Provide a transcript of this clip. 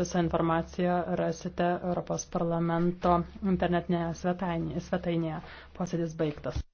Visą informaciją rasite Europos parlamento internetinėje svetainėje. Posėdis baigtas.